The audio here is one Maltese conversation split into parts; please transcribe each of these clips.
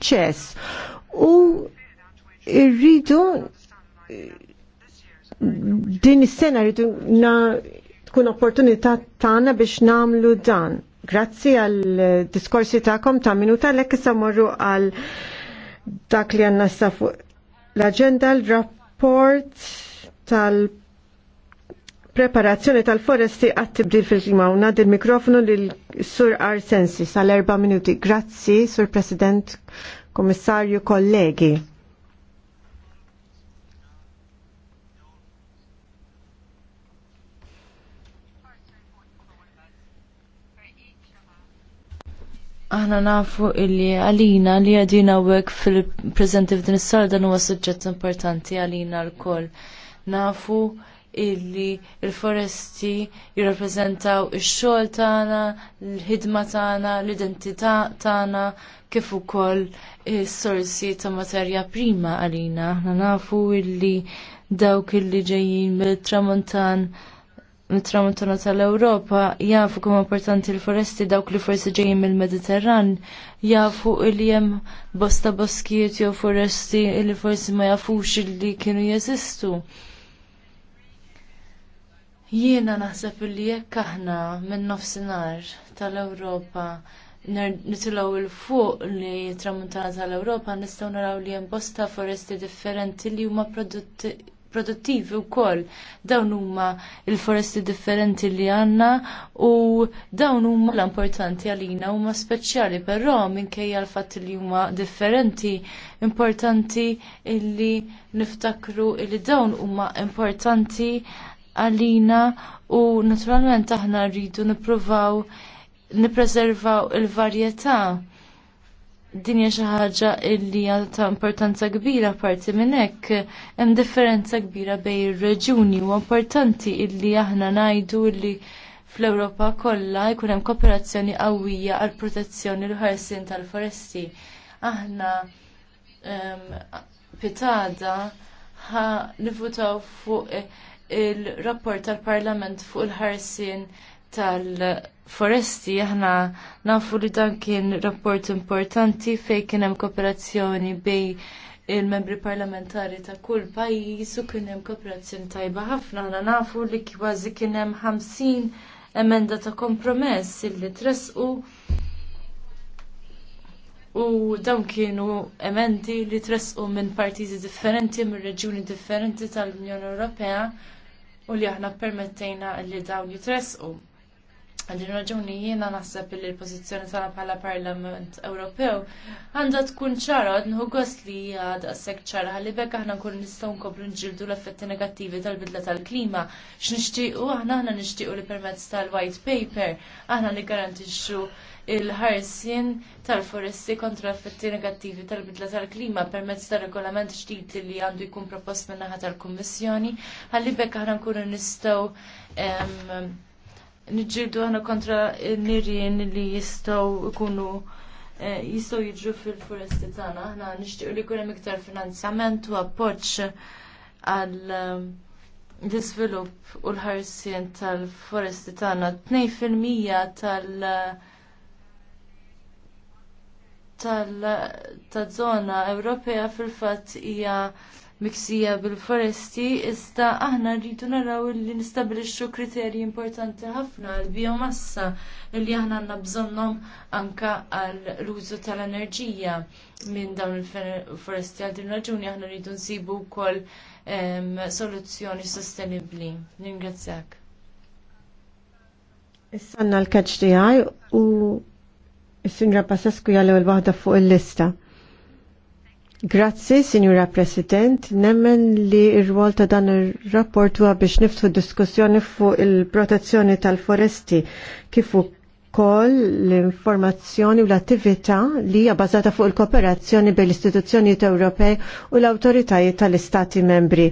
ċess u rridu din is-sena rridu na tkun opportunità tagħna biex nagħmlu dan. Grazzi għal diskorsi tagħkom ta' minuta l issa morru għal dak li għanna sta fuq l-agenda l-rapport tal- preparazzjoni tal-foresti għattibdil fil-klima. Unna il-mikrofonu lil Sur Arsensi, sal-erba minuti. Grazzi, Sur President, Komissarju, kollegi. Aħna nafu illi għalina li għadina għek fil-prezenti f'din is sarda dan huwa suġġett importanti għalina l-koll. Nafu illi il-foresti jirrappreżentaw ix-xogħol tagħna, l-ħidma tagħna, l-identità tagħna kif ukoll is-sorsi ta' materja prima għalina. Aħna nafu illi dawk illi ġejjin mill tramuntan mit-tramuntana tal-Ewropa jafu kemm importanti l-foresti dawk li forsi ġejjin mill-Mediterran jafu illi hemm bosta boskiet jew foresti li forsi ma jafux li kienu jeżistu. Jiena naħseb li jekk aħna minn nofsinhar tal-Ewropa nitilgħu il fuq li tramuntana tal-Ewropa nistgħu naraw li hemm bosta foresti differenti li huma produttivi wkoll. Dawn huma l foresti differenti li għandna u dawn huma l-importanti għalina huma speċjali, però minkejja l-fatt li huma differenti importanti illi niftakru li dawn huma importanti għalina u naturalment aħna rridu nippruvaw nipreservaw il-varjetà. Din hija xi ħaġa li ta' importanza kbira parti minn hekk hemm differenza kbira bejn ir-reġuni u importanti illi aħna ngħidu li fl-Ewropa kollha jkun hemm kooperazzjoni qawwija għall protezzjoni l ħarsien tal-foresti. Aħna ehm, pitada ħa nivutaw fuq il-rapport tal-Parlament fuq il-ħarsin tal-foresti aħna nafu li dan kien rapport importanti fejn kien hemm kooperazzjoni bejn il-membri parlamentari ta' kull pajjiż u kien hemm kooperazzjoni tajba ħafna aħna nafu li kważi kien hemm 50 emenda ta' kompromess illi tresqu U dawn kienu emendi li tresqu minn partiti differenti, minn reġjuni differenti tal-Unjoni Ewropea u li aħna permettejna li dawn jitresqu. Għallin raġuni jiena naħseb li l-pozizjoni tagħna bħala Parlament Ewropew għandha tkun ċara għad nħu gost li għad għassek ċara għalli bekk aħna nkun nistgħu nkomplu nġildu l-effetti negattivi tal-bidla tal-klima. X'nixtiequ aħna aħna nixtiequ li permezz tal-white paper aħna li garantixxu il-ħarsien tal-foresti kontra l effetti negattivi tal-bidla tal-klima permezz tal-regolament ġdid li għandu jkun propost min-naħa tal-Kummissjoni. Ħalli bekk aħna nkunu nistgħu niġġieldu aħna kontra n-nirien li jistgħu jkunu eh, jistgħu jiġru fil-foresti tagħna. Aħna nixtiequ li jkun hemm iktar finanzjament u appoġġ għal l-iżvilupp u l-ħarsien tal-foresti tagħna 2% tal- tal-żona Ewropea fil-fatt hija miksija bil-foresti, iżda aħna rridu naraw li nistabilixxu kriterji importanti ħafna għall biomassa li aħna għandna bżonnhom anke għall użu tal-enerġija minn dawn il-foresti għal din raġuni aħna rridu nsibu wkoll soluzzjoni sostenibbli. Ningrazzjak. għandna l-kaċ u Is-Sinjura Pasescu jgħal l waħda fuq il-lista. Grazzi, Signora President. Nemmen li r-rwol ta' dan ir-rapport huwa biex niftħu diskussjoni fuq il-protezzjoni tal-foresti kif ukoll l-informazzjoni u l-attività li hija bażata fuq il-kooperazzjoni bejn l-istituzzjonijiet Ewropej u l-awtoritajiet tal-istati membri.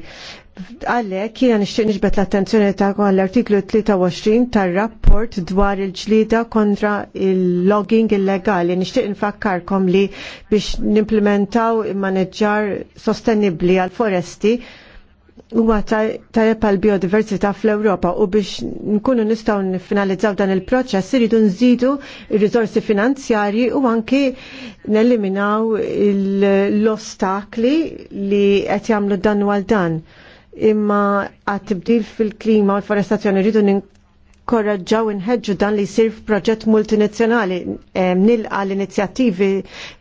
Għalhekk jiena nixtieq nixbet l-attenzjoni tagħkom għall-artiklu 23 tar-rapport dwar il-ġlida kontra il-logging illegali. Nixtieq infakkarkom li biex nimplementaw immaneġġar sostenibbli għal-foresti huwa tajjeb għal biodiversità fl-Ewropa u biex nkunu nistgħu nifinalizzaw dan il-proċess iridu nżidu r riżorsi finanzjarji u anki neliminaw l-ostakli li qed jagħmlu dan għal dan. Imma għat tibdil fil-klima u l-forestazzjoni rridu korraġġaw inħedġu dan li jsir f'proġett multinazzjonali nilqa l-inizjattivi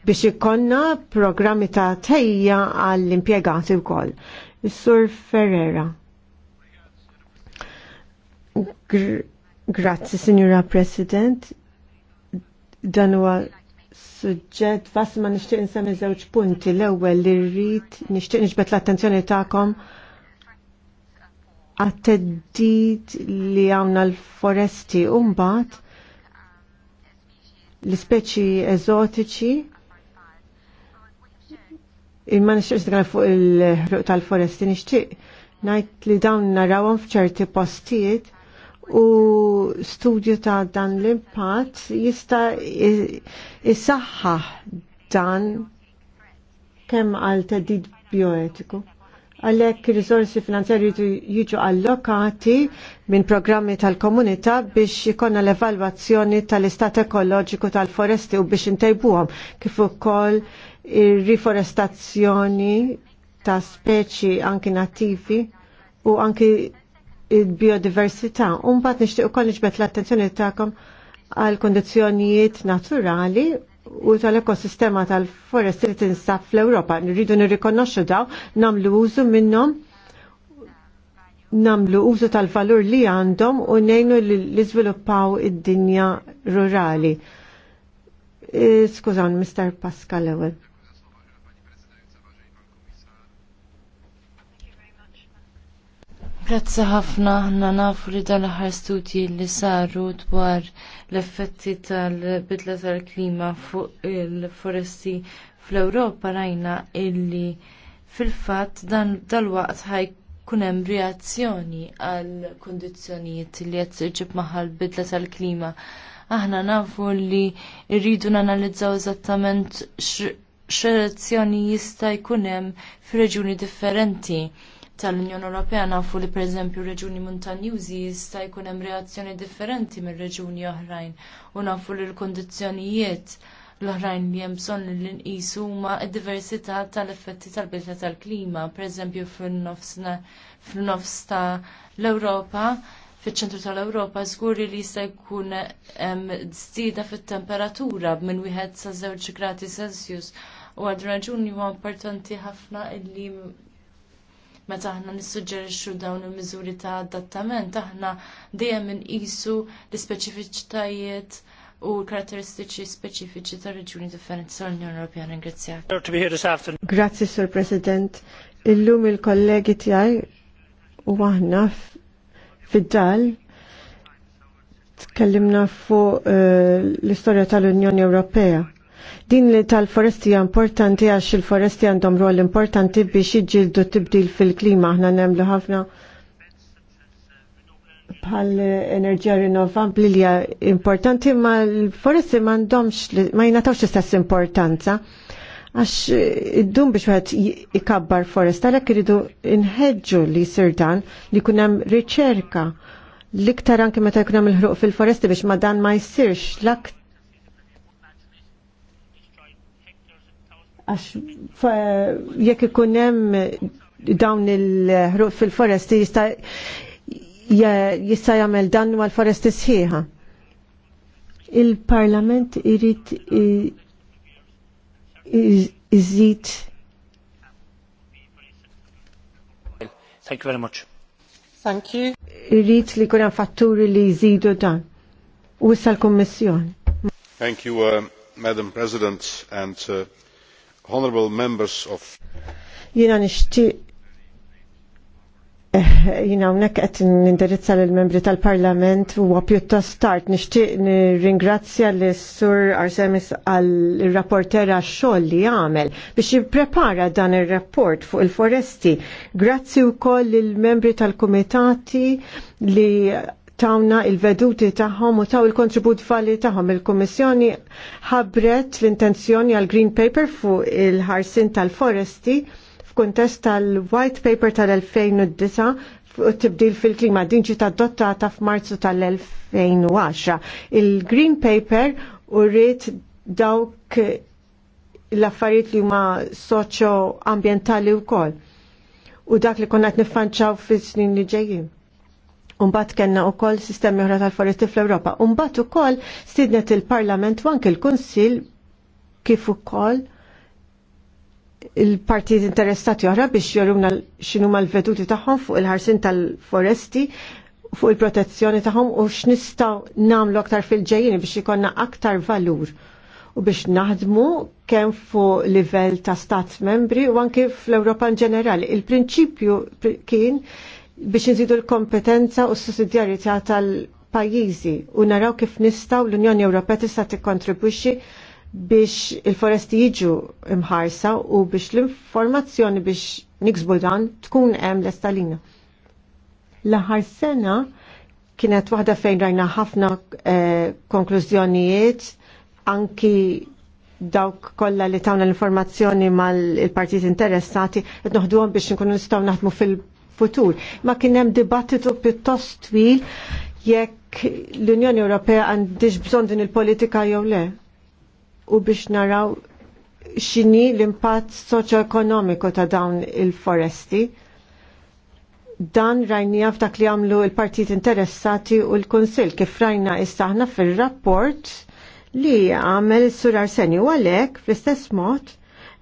biex ikonna programmi ta' tejja għall-impjegati wkoll. Is-Sur Ferrera. Gr Grazzi, Signora President. Dan huwa suġġett fast ma nixtieq insemmi żewġ punti. L-ewwel li rrid nixtieq niġbed l-attenzjoni tagħkom għat-teddid li għamna l-foresti umbat l-speċi eżotiċi Imma nixtieq nitkellem fuq il-ħruq tal-foresti nixtieq ngħid li dawn narawhom f'ċerti postijiet u studju ta' dan l-impatt jista' isaħħaħ dan kemm għal tedid bioetiku għalhekk ir finanzjari finanzjarji jiġu allokati minn programmi tal-komunità biex ikonna l-evalwazzjoni tal-istat ekoloġiku tal-foresti u biex intejbuhom kif ukoll ir-riforestazzjoni ta' speċi anki nattivi u anki il-biodiversità. Umbat nixtieq ukoll niġbet l-attenzjoni tagħkom għal kondizzjonijiet naturali u tal-ekosistema tal-foresti li tinsab fl-Ewropa. Nridu nirrikonoxxu daw, namlu użu minnhom namlu użu tal-valur li għandhom u nejnu li żviluppaw id-dinja rurali. Eh, Skużan, Mr. Pascal ewwel. Grazzi ħafna ħna nafu li dan l aħħar studji li saru dwar l-effetti tal-bidla tal-klima fuq il-foresti fl-Ewropa rajna illi fil-fatt dan dal-waqt ħaj kunem reazzjoni għal kondizjonijiet li qed tiġib maħal bidla tal-klima. Aħna nafu li rridu nanalizzaw eżattament x-reazzjoni jista' jkun hemm fir-reġjuni differenti tal-Unjoni Ewropea nafu li pereżempju reġuni montanjużi jista' jkun hemm reazzjoni differenti minn reġuni oħrajn u nafu li l-kondizzjonijiet l-oħrajn li hemm bżonn li nqisu huma d-diversità tal-effetti tal-bidla tal-klima, pereżempju fil-nofs ta' l-Ewropa fiċ-ċentru tal-Ewropa żguri li jista' jkun hemm żdieda fit-temperatura minn wieħed sa' żewġ gradi Celsius u għad raġuni huwa importanti ħafna illi meta aħna nissuġġerixxu dawn il-miżuri ta' adattament aħna dejjem inqisu l-ispeċifiċitajiet u karatteristiċi speċifiċi ta' reġjuni differenti tal-Unjoni Ewropea ringrazzjak. Grazzi Sur President. Illum il-kollegi tiegħi u aħna fid-dal tkellimna fuq eh, l-istorja tal-Unjoni Ewropea Din li tal-foresti importanti għax il-foresti għandhom rol importanti biex iġildu tibdil fil-klima aħna nemlu ħafna bħal enerġija rinnovabli li importanti ma l-foresti m'għandhomx ma jingħatawx l-istess importanza għax id-dum biex għed ikabbar foresta l iridu inħedġu li sirdan li kunem riċerka l-iktar anke meta jkun hemm il-ħruq fil-foresti biex ma dan ma jsirx l-aktar għax jekk ikunem dawn il-ħruq fil-foresti jista' jista' jagħmel dannu għal foresti sħiħa. Il-Parlament irid iżid Thank you very much. Thank you. Irrit li kuna fatturi li jżidu dan. U issa l-Kommissjon. Thank you, uh, Madam President, and uh, honorable members of Jiena nixtieq jina eh, unnek għet nindirizza l-membri tal-parlament u pjuttost start nishtiq ringrazzja l-sur Arsemis għal-rapportera xoll li għamel biex jiprepara dan il-rapport fuq il-foresti. Grazzi u koll l-membri tal-komitati li tawna il-veduti tagħhom u taw il-kontribut fali tagħhom. Il-Kummissjoni ħabret l-intenzjoni għal Green Paper fuq il-ħarsin tal-foresti f'kuntest tal-White Paper tal-2009 u tibdil fil-klima din ġiet adottata f'Marzu tal-2010. Il-Green Paper u rrit dawk l-affarijiet li huma soċo-ambjentali wkoll u dak li konna qed niffanċaw fis-snin li ġejjin. Umbat kellna wkoll sistemi oħra tal foresti fl-Ewropa. Umbat ukoll stidnet il-Parlament u anke l-Kunsill kif ukoll il-partijiet interessati oħra biex joruna x'inhu l-veduti tagħhom fuq il-ħarsin tal-foresti fuq il-protezzjoni tagħhom u x'nistgħu nagħmlu aktar fil ġejjini biex ikonna aktar valur u biex naħdmu kemm fuq livell ta' stat membri u anke fl-Ewropa in ġenerali. Il-prinċipju kien biex nżidu l-kompetenza u s-sussidjarjetà tal-pajjiżi u naraw kif nistgħu l-Unjoni Ewropea tista' tikkontribwixxi biex il-foresti jiġu imħarsa u biex l-informazzjoni biex niksbu dan tkun hemm l-estalina. L-aħħar sena kienet waħda fejn rajna ħafna eh, konklużjonijiet anki dawk kollha li tawna l-informazzjoni mal-partijiet interessati qed noħduhom biex nkunu nistgħu naħdmu fil- futur. Ma kien hemm dibattitu pjuttost twil jekk l-Unjoni Ewropea għandix bżonn din il-politika jew le. U biex naraw x'inhi l-impatt soċjoekonomiku ta' dawn il-foresti dan rajnija f'dak li għamlu il-partit interessati u l-Konsil kif rajna istaħna fil-rapport li għamel sur Arseni u għalek fl-istess mod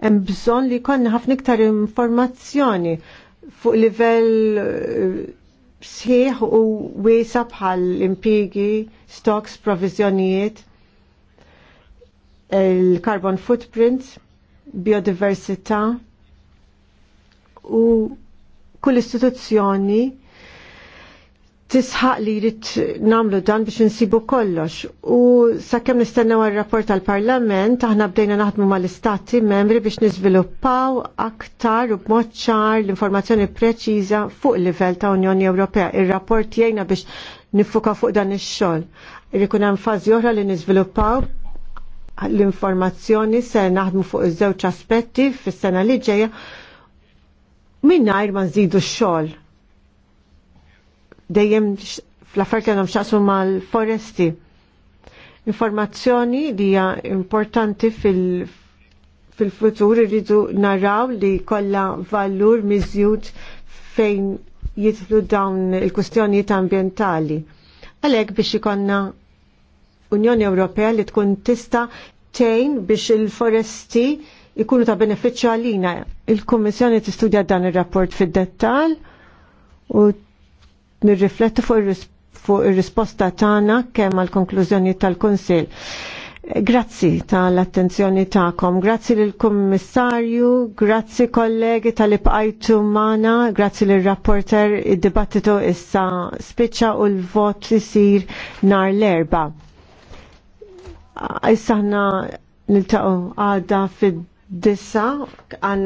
hemm bżonn li jkollna ħafna iktar informazzjoni fuq livell eh, sħiħ u wiesa bħal impigi, stocks, provizjonijiet, il-carbon footprint, biodiversità u kull istituzzjoni tisħaq li jrid namlu dan biex insibu kollox. U sakemm nistennew ir-rapport tal-Parlament, aħna bdejna naħdmu mal-istati membri biex niżviluppaw aktar u b'mod ċar l-informazzjoni preċiża fuq il-livell ta' Unjoni Ewropea. Ir-rapport jgħinna biex nifuka fuq dan ix-xogħol. Irikun hemm fażi oħra li niżviluppaw l-informazzjoni se naħdmu fuq iż-żewġ aspetti fis-sena li ġejja mingħajr ma nżidu x-xogħol dejjem fl affar kellhom xaqsu mal-foresti. Informazzjoni li hija importanti fil- fil-futur irridu naraw li kollha valur miżjud fejn jitlu dawn il-kustjonijiet ambientali. Għalhekk biex ikonna Unjoni Ewropea li tkun tista' tejn biex il-foresti ikunu ta' beneficju għalina. Il-Kummissjoni tistudja dan ir-rapport fid-dettal u nirriflettu fuq ir-risposta tagħna kemm għall konklużjoni tal-Kunsill. Grazzi tal-attenzjoni tagħkom, grazzi lill kummissarju grazzi kollegi tal-ibqajtu mana, grazzi l rapporter id-dibattitu issa spiċċa u l-vot isir nar l-erba. Issa ħna niltaqgħu għada fid-disa